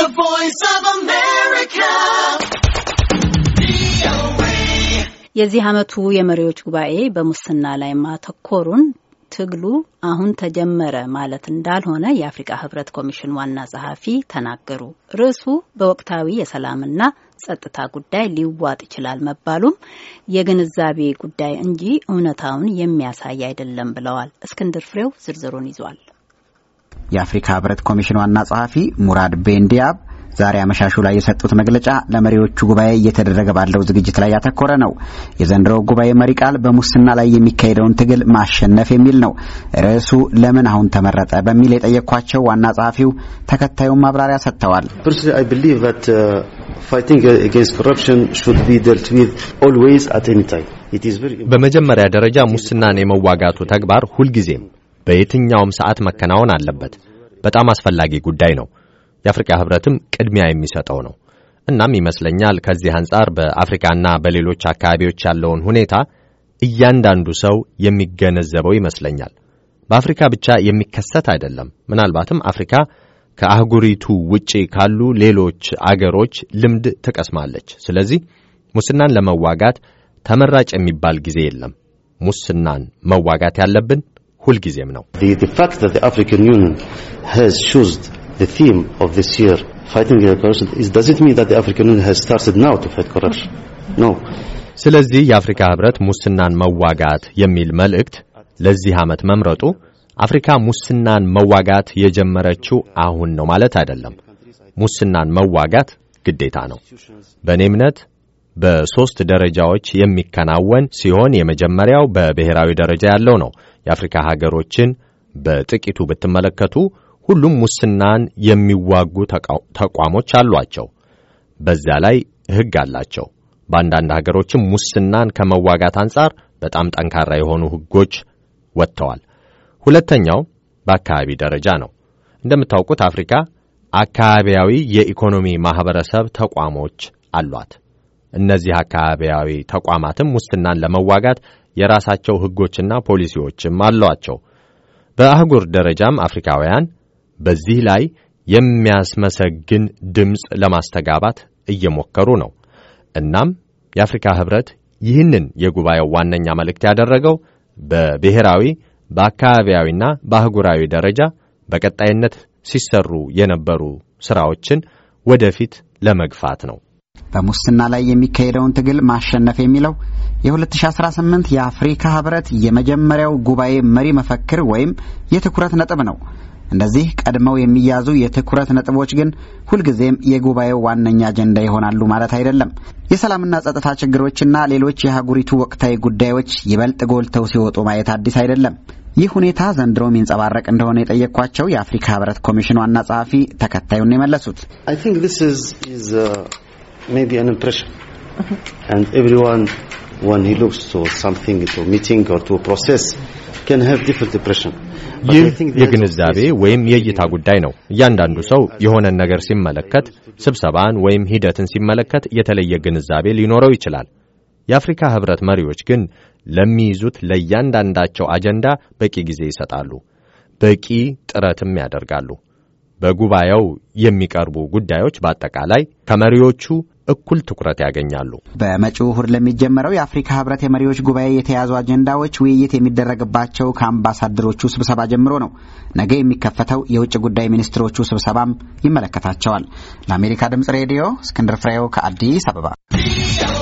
The Voice of America. የዚህ ዓመቱ የመሪዎች ጉባኤ በሙስና ላይ ማተኮሩን ትግሉ አሁን ተጀመረ ማለት እንዳልሆነ የአፍሪካ ህብረት ኮሚሽን ዋና ጸሐፊ ተናገሩ። ርዕሱ በወቅታዊ የሰላምና ጸጥታ ጉዳይ ሊዋጥ ይችላል መባሉም የግንዛቤ ጉዳይ እንጂ እውነታውን የሚያሳይ አይደለም ብለዋል። እስክንድር ፍሬው ዝርዝሩን ይዟል። የአፍሪካ ህብረት ኮሚሽን ዋና ጸሐፊ ሙራድ ቤንዲያብ ዛሬ አመሻሹ ላይ የሰጡት መግለጫ ለመሪዎቹ ጉባኤ እየተደረገ ባለው ዝግጅት ላይ ያተኮረ ነው። የዘንድሮው ጉባኤ መሪ ቃል በሙስና ላይ የሚካሄደውን ትግል ማሸነፍ የሚል ነው። ርዕሱ ለምን አሁን ተመረጠ በሚል የጠየኳቸው ዋና ጸሐፊው ተከታዩን ማብራሪያ ሰጥተዋል። uh, በመጀመሪያ ደረጃ ሙስናን የመዋጋቱ ተግባር ሁልጊዜም በየትኛውም ሰዓት መከናወን አለበት። በጣም አስፈላጊ ጉዳይ ነው። የአፍሪካ ህብረትም ቅድሚያ የሚሰጠው ነው። እናም ይመስለኛል ከዚህ አንጻር በአፍሪካና በሌሎች አካባቢዎች ያለውን ሁኔታ እያንዳንዱ ሰው የሚገነዘበው ይመስለኛል። በአፍሪካ ብቻ የሚከሰት አይደለም። ምናልባትም አፍሪካ ከአህጉሪቱ ውጪ ካሉ ሌሎች አገሮች ልምድ ትቀስማለች። ስለዚህ ሙስናን ለመዋጋት ተመራጭ የሚባል ጊዜ የለም። ሙስናን መዋጋት ያለብን ሁልጊዜም ነው። ስለዚህ የአፍሪካ ህብረት ሙስናን መዋጋት የሚል መልእክት ለዚህ ዓመት መምረጡ አፍሪካ ሙስናን መዋጋት የጀመረችው አሁን ነው ማለት አይደለም። ሙስናን መዋጋት ግዴታ ነው። በእኔ እምነት በሦስት ደረጃዎች የሚከናወን ሲሆን የመጀመሪያው በብሔራዊ ደረጃ ያለው ነው። የአፍሪካ ሀገሮችን በጥቂቱ ብትመለከቱ ሁሉም ሙስናን የሚዋጉ ተቋሞች አሏቸው። በዚያ ላይ ሕግ አላቸው። በአንዳንድ ሀገሮችም ሙስናን ከመዋጋት አንጻር በጣም ጠንካራ የሆኑ ሕጎች ወጥተዋል። ሁለተኛው በአካባቢ ደረጃ ነው። እንደምታውቁት አፍሪካ አካባቢያዊ የኢኮኖሚ ማኅበረሰብ ተቋሞች አሏት። እነዚህ አካባቢያዊ ተቋማትም ሙስናን ለመዋጋት የራሳቸው ሕጎችና ፖሊሲዎችም አሏቸው። በአህጉር ደረጃም አፍሪካውያን በዚህ ላይ የሚያስመሰግን ድምፅ ለማስተጋባት እየሞከሩ ነው። እናም የአፍሪካ ኅብረት ይህንን የጉባኤው ዋነኛ መልእክት ያደረገው በብሔራዊ በአካባቢያዊና በአህጉራዊ ደረጃ በቀጣይነት ሲሰሩ የነበሩ ሥራዎችን ወደፊት ለመግፋት ነው። በሙስና ላይ የሚካሄደውን ትግል ማሸነፍ የሚለው የ2018 የአፍሪካ ህብረት የመጀመሪያው ጉባኤ መሪ መፈክር ወይም የትኩረት ነጥብ ነው። እንደዚህ ቀድመው የሚያዙ የትኩረት ነጥቦች ግን ሁልጊዜም የጉባኤው ዋነኛ አጀንዳ ይሆናሉ ማለት አይደለም። የሰላምና ጸጥታ ችግሮችና ሌሎች የአህጉሪቱ ወቅታዊ ጉዳዮች ይበልጥ ጎልተው ሲወጡ ማየት አዲስ አይደለም። ይህ ሁኔታ ዘንድሮ የሚንጸባረቅ እንደሆነ የጠየኳቸው የአፍሪካ ህብረት ኮሚሽን ዋና ጸሐፊ ተከታዩን የመለሱት maybe an impression. Mm -hmm. And everyone, when he looks to something, to a meeting or to a process, can have different impression. ይህ የግንዛቤ ወይም የእይታ ጉዳይ ነው። እያንዳንዱ ሰው የሆነን ነገር ሲመለከት፣ ስብሰባን ወይም ሂደትን ሲመለከት የተለየ ግንዛቤ ሊኖረው ይችላል። የአፍሪካ ህብረት መሪዎች ግን ለሚይዙት ለእያንዳንዳቸው አጀንዳ በቂ ጊዜ ይሰጣሉ፣ በቂ ጥረትም ያደርጋሉ። በጉባኤው የሚቀርቡ ጉዳዮች በአጠቃላይ ከመሪዎቹ እኩል ትኩረት ያገኛሉ። በመጪው እሁድ ለሚጀመረው የአፍሪካ ህብረት የመሪዎች ጉባኤ የተያዙ አጀንዳዎች ውይይት የሚደረግባቸው ከአምባሳደሮቹ ስብሰባ ጀምሮ ነው። ነገ የሚከፈተው የውጭ ጉዳይ ሚኒስትሮቹ ስብሰባም ይመለከታቸዋል። ለአሜሪካ ድምጽ ሬዲዮ እስክንድር ፍሬው ከአዲስ አበባ